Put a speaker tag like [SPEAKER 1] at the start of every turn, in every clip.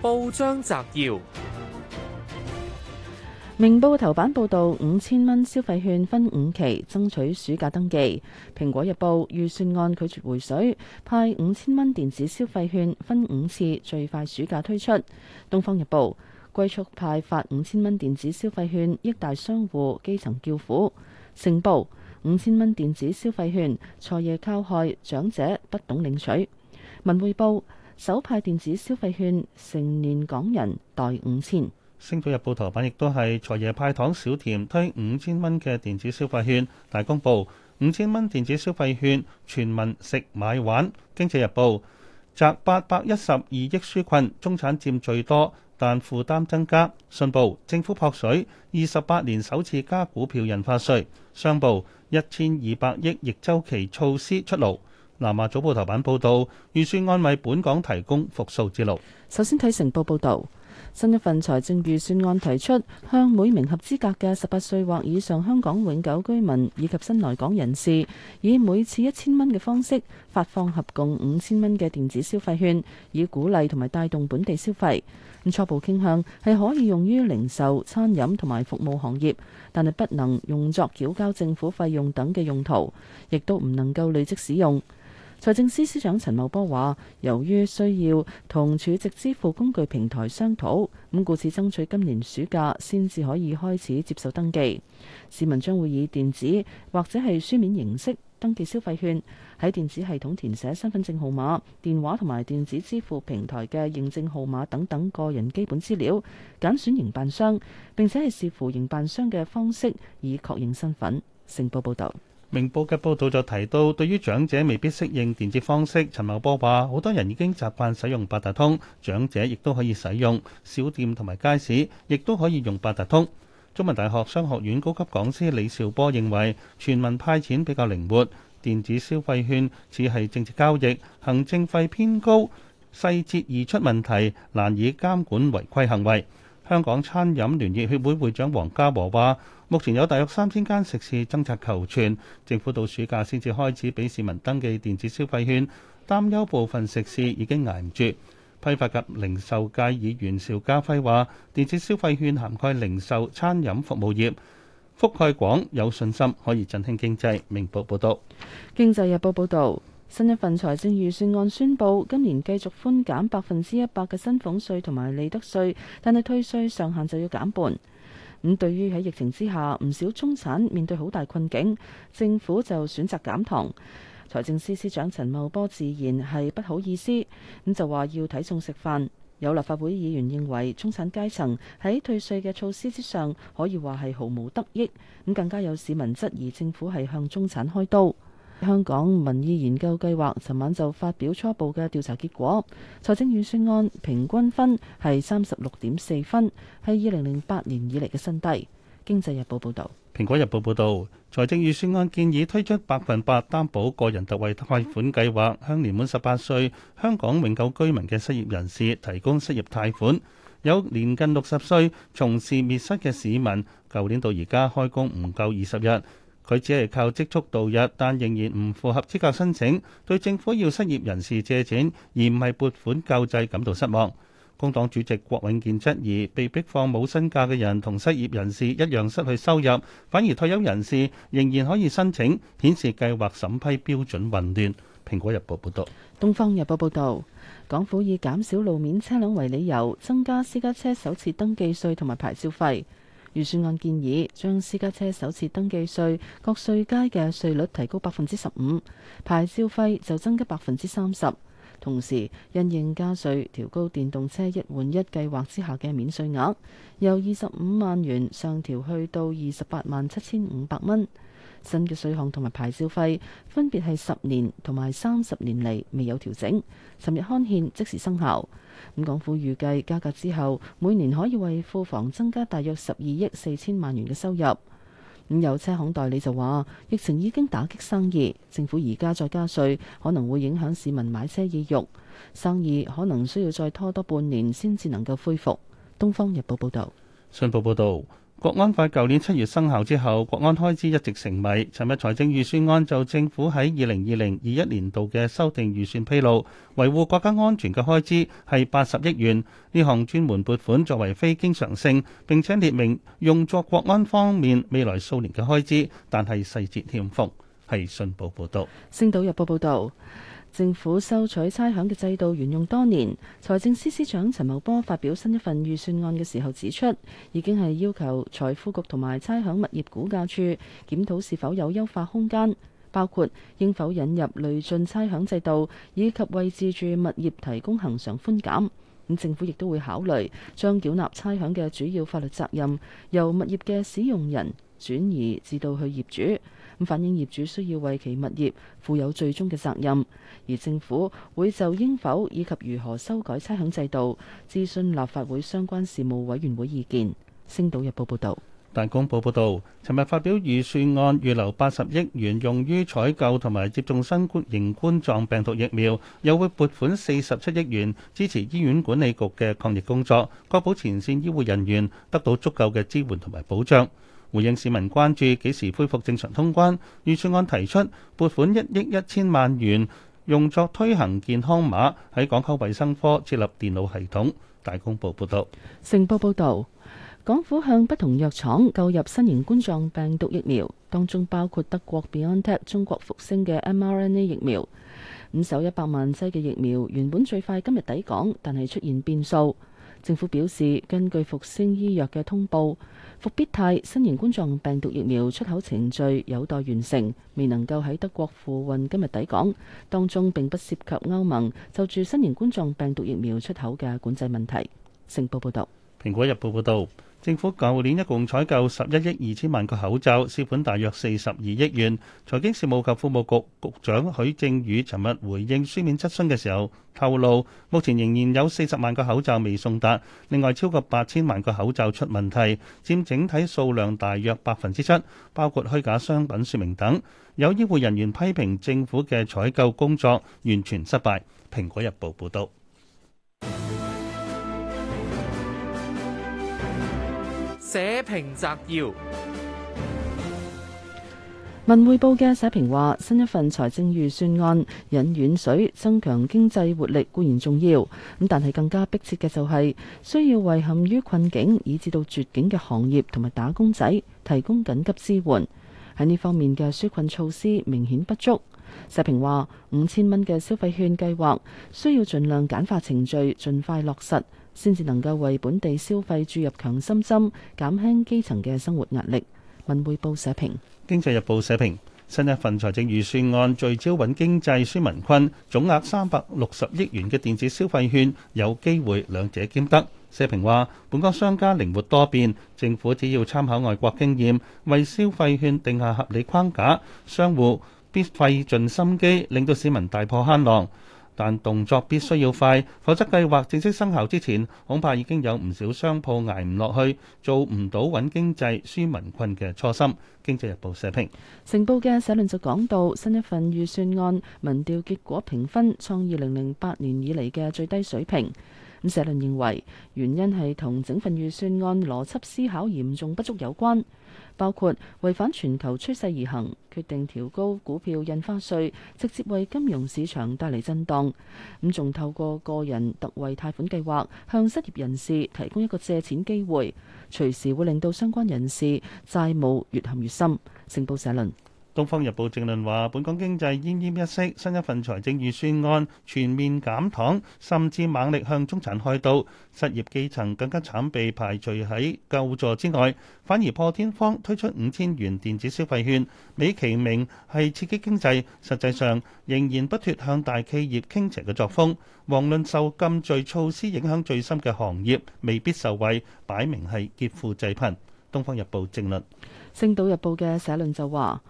[SPEAKER 1] 報章摘要：明報頭版報道，五千蚊消費券分五期爭取暑假登記。蘋果日報預算案拒絕回水，派五千蚊電子消費券分五次，最快暑假推出。東方日報龜速派發五千蚊電子消費券，益大商戶基層叫苦。成報五千蚊電子消費券，錯夜靠害，長者不懂領取。文匯報。首派電子消費券，成年港人袋五千。
[SPEAKER 2] 星島日報頭版亦都係財爺派糖小甜，推五千蚊嘅電子消費券。大公報。五千蚊電子消費券，全民食買玩。經濟日報：擲八百一十二億紓困，中產佔最多，但負擔增加。信報：政府撲水，二十八年首次加股票印花稅。商報：一千二百億逆周期措施出爐。南華早報頭版報道，預算案為本港提供復蘇之路。
[SPEAKER 1] 首先睇成報報道，新一份財政預算案提出，向每名合資格嘅十八歲或以上香港永久居民以及新來港人士，以每次一千蚊嘅方式發放合共五千蚊嘅電子消費券，以鼓勵同埋帶動本地消費。咁初步傾向係可以用於零售、餐飲同埋服務行業，但係不能用作繳交政府費用等嘅用途，亦都唔能夠累積使用。財政司司長陳茂波話，由於需要同儲值支付工具平台商討，咁故此爭取今年暑假先至可以開始接受登記。市民將會以電子或者係書面形式登記消費券，喺電子系統填寫身份證號碼、電話同埋電子支付平台嘅認證號碼等等個人基本資料，揀選營辦商，並且係視乎營辦商嘅方式以確認身份。成報報道。
[SPEAKER 2] 明報嘅報道就提到，對於長者未必適應電子方式。陳茂波話：好多人已經習慣使用八達通，長者亦都可以使用。小店同埋街市亦都可以用八達通。中文大學商學院高級講師李兆波認為，全民派錢比較靈活，電子消費券似係政治交易，行政費偏高，細節易出問題，難以監管違規行為。香港餐飲聯業協會會長黃家和話。目前有大約三千間食肆掙扎求存，政府到暑假先至開始俾市民登記電子消費券，擔憂部分食肆已經捱唔住。批發及零售界議員邵家輝話：電子消費券涵蓋零售、餐飲服務業，覆蓋廣，有信心可以振興經濟。明報報道：
[SPEAKER 1] 《經濟日報》報道，新一份財政預算案宣布，今年繼續寬減百分之一百嘅薪俸稅同埋利得稅，但係退稅上限就要減半。咁對於喺疫情之下唔少中產面對好大困境，政府就選擇減糖。財政司司長陳茂波自然係不好意思，咁就話要睇餸食飯。有立法會議員認為中產階層喺退稅嘅措施之上可以話係毫無得益，咁更加有市民質疑政府係向中產開刀。香港民意研究計劃尋晚就發表初步嘅調查結果，財政預算案平均分係三十六點四分，係二零零八年以嚟嘅新低。經濟日報報道，
[SPEAKER 2] 蘋果日報報道，財政預算案建議推出百分百擔保個人特惠貸款計劃，向年滿十八歲香港永久居民嘅失業人士提供失業貸款，有年近六十歲從事滅失嘅市民，舊年到而家開工唔夠二十日。佢只係靠積蓄度日，但仍然唔符合資格申請。對政府要失業人士借錢而唔係撥款救濟感到失望。工黨主席郭永健質疑，被逼放冇薪假嘅人同失業人士一樣失去收入，反而退休人士仍然可以申請，顯示計劃審批標準混亂。《蘋果日報》報導，
[SPEAKER 1] 《東方日報》報導，港府以減少路面車輛為理由，增加私家車首次登記稅同埋牌照費。預算案建議將私家車首次登記稅各稅階嘅稅率提高百分之十五，牌照費就增加百分之三十，同時因應加稅，調高電動車一換一計劃之下嘅免稅額，由二十五萬元上調去到二十八萬七千五百蚊。新嘅稅項同埋牌照費分別係十年同埋三十年嚟未有調整，尋日刊憲即時生效。咁港府預計加價之後，每年可以為庫房增加大約十二億四千萬元嘅收入。咁有車行代理就話，疫情已經打擊生意，政府而家再加稅，可能會影響市民買車意欲，生意可能需要再拖多半年先至能夠恢復。《東方日報》報道。
[SPEAKER 2] 《信報》報道。國安法舊年七月生效之後，國安開支一直成謎。尋日財政預算案就政府喺二零二零二一年度嘅修訂預算披露，維護國家安全嘅開支係八十億元，呢項專門撥款作為非經常性，並且列明用作國安方面未來數年嘅開支，但係細節欠奉。係信報報道。
[SPEAKER 1] 《星島日報》報道。政府收取差餉嘅制度沿用多年，財政司司長陳茂波發表新一份預算案嘅時候指出，已經係要求財庫局同埋差餉物業估價署檢討是否有優化空間，包括應否引入累進差餉制度，以及為自住物業提供恆常寬減。咁政府亦都會考慮將繳納差餉嘅主要法律責任由物業嘅使用人轉移至到去業主。反映業主需要為其物業負有最終嘅責任，而政府會就應否以及如何修改差餉制度諮詢立法會相關事務委員會意見。星島日報報道，
[SPEAKER 2] 大公報報道，尋日發表預算案，預留八十億元用於採購同埋接種新型冠狀病毒疫苗，又會撥款四十七億元支持醫院管理局嘅抗疫工作，確保前線醫護人員得到足夠嘅支援同埋保障。回應市民關注幾時恢復正常通關，預算案提出撥款一億一千萬元用作推行健康碼，喺港口衞生科設立電腦系統。大公報報導，
[SPEAKER 1] 成報報道，港府向不同藥廠購入新型冠狀病毒疫苗，當中包括德國 Biontech、中國復星嘅 mRNA 疫苗。咁首一百萬劑嘅疫苗原本最快今日抵港，但係出現變數。政府表示，根據復星醫藥嘅通報，復必泰新型冠狀病毒疫苗出口程序有待完成，未能夠喺德國附運今日抵港。當中並不涉及歐盟就住新型冠狀病毒疫苗出口嘅管制問題。成報報道。
[SPEAKER 2] 蘋果日報報道。政府舊年一共採購十一億二千萬個口罩，涉款大約四十二億元。財經事務及庫務局局長許正宇尋日回應書面質詢嘅時候透露，目前仍然有四十萬個口罩未送達，另外超過八千萬個口罩出問題，佔整體數量大約百分之七，包括虛假商品說明等。有醫護人員批評政府嘅採購工作完全失敗。《蘋果日報》報道。社評摘要：
[SPEAKER 1] 文匯報嘅社評話，新一份財政預算案引遠水，增強經濟活力固然重要，咁但係更加迫切嘅就係、是、需要為陷於困境以至到絕境嘅行業同埋打工仔提供緊急支援。喺呢方面嘅紓困措施明顯不足。社評話，五千蚊嘅消費券計劃需要盡量簡化程序，盡快落實。先至能夠為本地消費注入強心針，減輕基層嘅生活壓力。文匯報社評，
[SPEAKER 2] 《經濟日報》社評：新一份財政預算案聚焦穩經濟。紓民困，總額三百六十億元嘅電子消費券有機會兩者兼得。社評話：本港商家靈活多變，政府只要參考外國經驗，為消費券定下合理框架，商戶必費盡心機，令到市民大破慳囊。但動作必須要快，否則計劃正式生效之前，恐怕已經有唔少商鋪捱唔落去，做唔到穩經濟舒民困嘅初心。
[SPEAKER 1] 經濟日報社評，成報嘅社論就講到新一份預算案民調結果評分創二零零八年以嚟嘅最低水平。咁社論認為原因係同整份預算案邏輯思考嚴重不足有關，包括違反全球趨勢而行，決定調高股票印花稅，直接為金融市場帶嚟震盪。咁仲透過個人特惠貸款計劃向失業人士提供一個借錢機會，隨時會令到相關人士債務越陷越深。成報社論。《東方日報》政論話：本港經濟奄奄一息，新一份財政
[SPEAKER 2] 預算案全面減糖，甚至猛力向中產開刀，失業基層更加慘被排除喺救助之外，反而破天荒推出五千元電子消費券。美其名係刺激經濟，實際上仍然不脫向大企業傾斜嘅作風。遑論受禁聚措施影響最深嘅行業未必受惠，擺明係劫富濟貧。《東方日報》政論，
[SPEAKER 1] 《星島日報》嘅社論就話。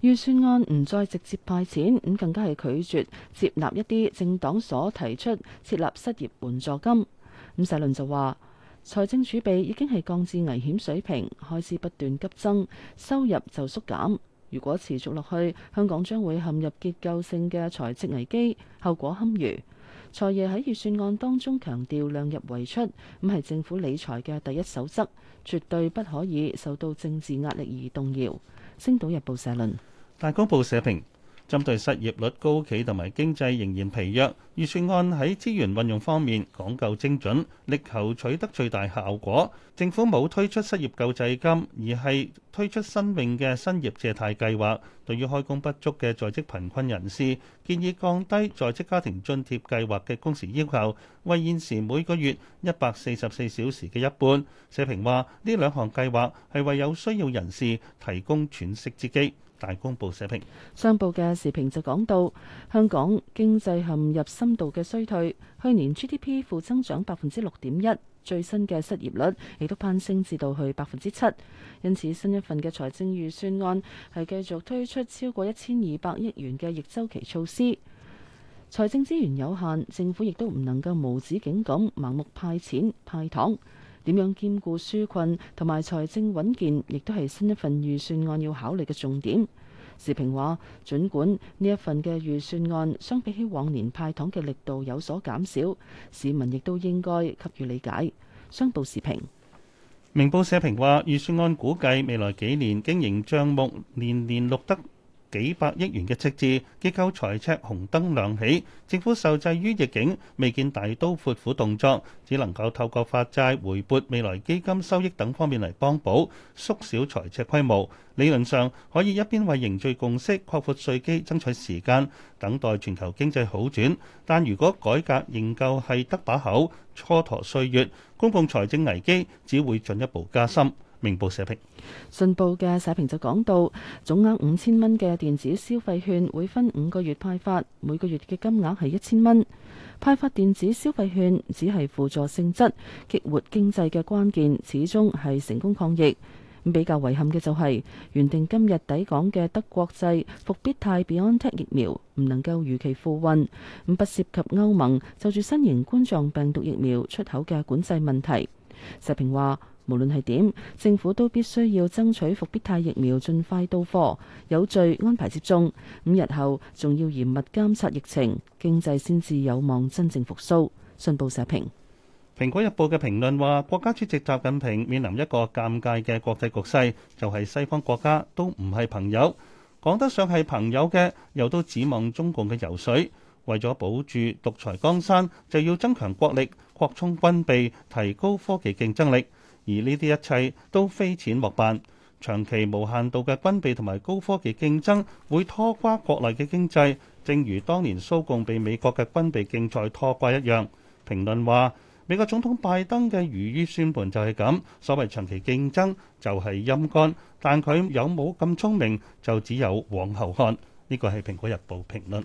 [SPEAKER 1] 預算案唔再直接派錢，咁更加係拒絕接納一啲政黨所提出設立失業援助金。咁社論就話：財政儲備已經係降至危險水平，開始不斷急增，收入就縮減。如果持續落去，香港將會陷入結構性嘅財政危機，後果堪虞。財爺喺預算案當中強調，量入為出，咁、嗯、係政府理財嘅第一守則，絕對不可以受到政治壓力而動搖。星島日報社論。
[SPEAKER 2] 大公報社評針對失業率高企同埋經濟仍然疲弱，預算案喺資源運用方面講究精準，力求取得最大效果。政府冇推出失業救濟金，而係推出新穎嘅新業借貸計劃，對於開工不足嘅在職貧困人士，建議降低在職家庭津貼計劃嘅工時要求，為現時每個月一百四十四小時嘅一半。社評話，呢兩項計劃，係為有需要人士提供喘息之機。大公報社評
[SPEAKER 1] 商報嘅時評就講到，香港經濟陷入深度嘅衰退，去年 GDP 負增長百分之六點一，最新嘅失業率亦都攀升至到去百分之七。因此，新一份嘅財政預算案係繼續推出超過一千二百億元嘅逆周期措施。財政資源有限，政府亦都唔能夠無止境咁盲目派錢派糖。點樣兼顧紓困同埋財政穩健，亦都係新一份預算案要考慮嘅重點。時評話，儘管呢一份嘅預算案相比起往年派糖嘅力度有所減少，市民亦都應該給予理解。商報時評，
[SPEAKER 2] 明報社評話，預算案估計未來幾年經營帳目年年錄得幾百億元嘅赤字，結構財赤紅燈亮起，政府受制於逆境，未見大刀闊斧動作，只能夠透過發債回撥未來基金收益等方面嚟幫補縮小財赤規模。理論上可以一邊為凝聚共識、擴闊稅基、爭取時間，等待全球經濟好轉。但如果改革仍舊係得把口，蹉跎歲月，公共財政危機只會進一步加深。明報社評，
[SPEAKER 1] 信報嘅社評就講到，總額五千蚊嘅電子消費券會分五個月派發，每個月嘅金額係一千蚊。派發電子消費券只係輔助性質，激活經濟嘅關鍵始終係成功抗疫。咁比較遺憾嘅就係、是，原定今日抵港嘅德國製復必泰 BioNTech 疫苗唔能夠如期付運，咁不涉及歐盟就住新型冠狀病毒疫苗出口嘅管制問題。社評話。無論係點，政府都必須要爭取復必泰疫苗盡快到貨，有序安排接種。五日後仲要嚴密監察疫情，經濟先至有望真正復甦。信報社評，
[SPEAKER 2] 《蘋果日報》嘅評論話：國家主席習近平面臨一個尷尬嘅國際局勢，就係西方國家都唔係朋友，講得上係朋友嘅又都指望中共嘅油水，為咗保住獨裁江山，就要增強國力、擴充軍備、提高科技競爭力。而呢啲一切都非錢莫辦，長期無限度嘅軍備同埋高科技競爭會拖垮國內嘅經濟，正如當年蘇共被美國嘅軍備競賽拖垮一樣。評論話美國總統拜登嘅如意算盤就係咁，所謂長期競爭就係陰乾，但佢有冇咁聰明就只有往後看。呢個係《蘋果日報》評論。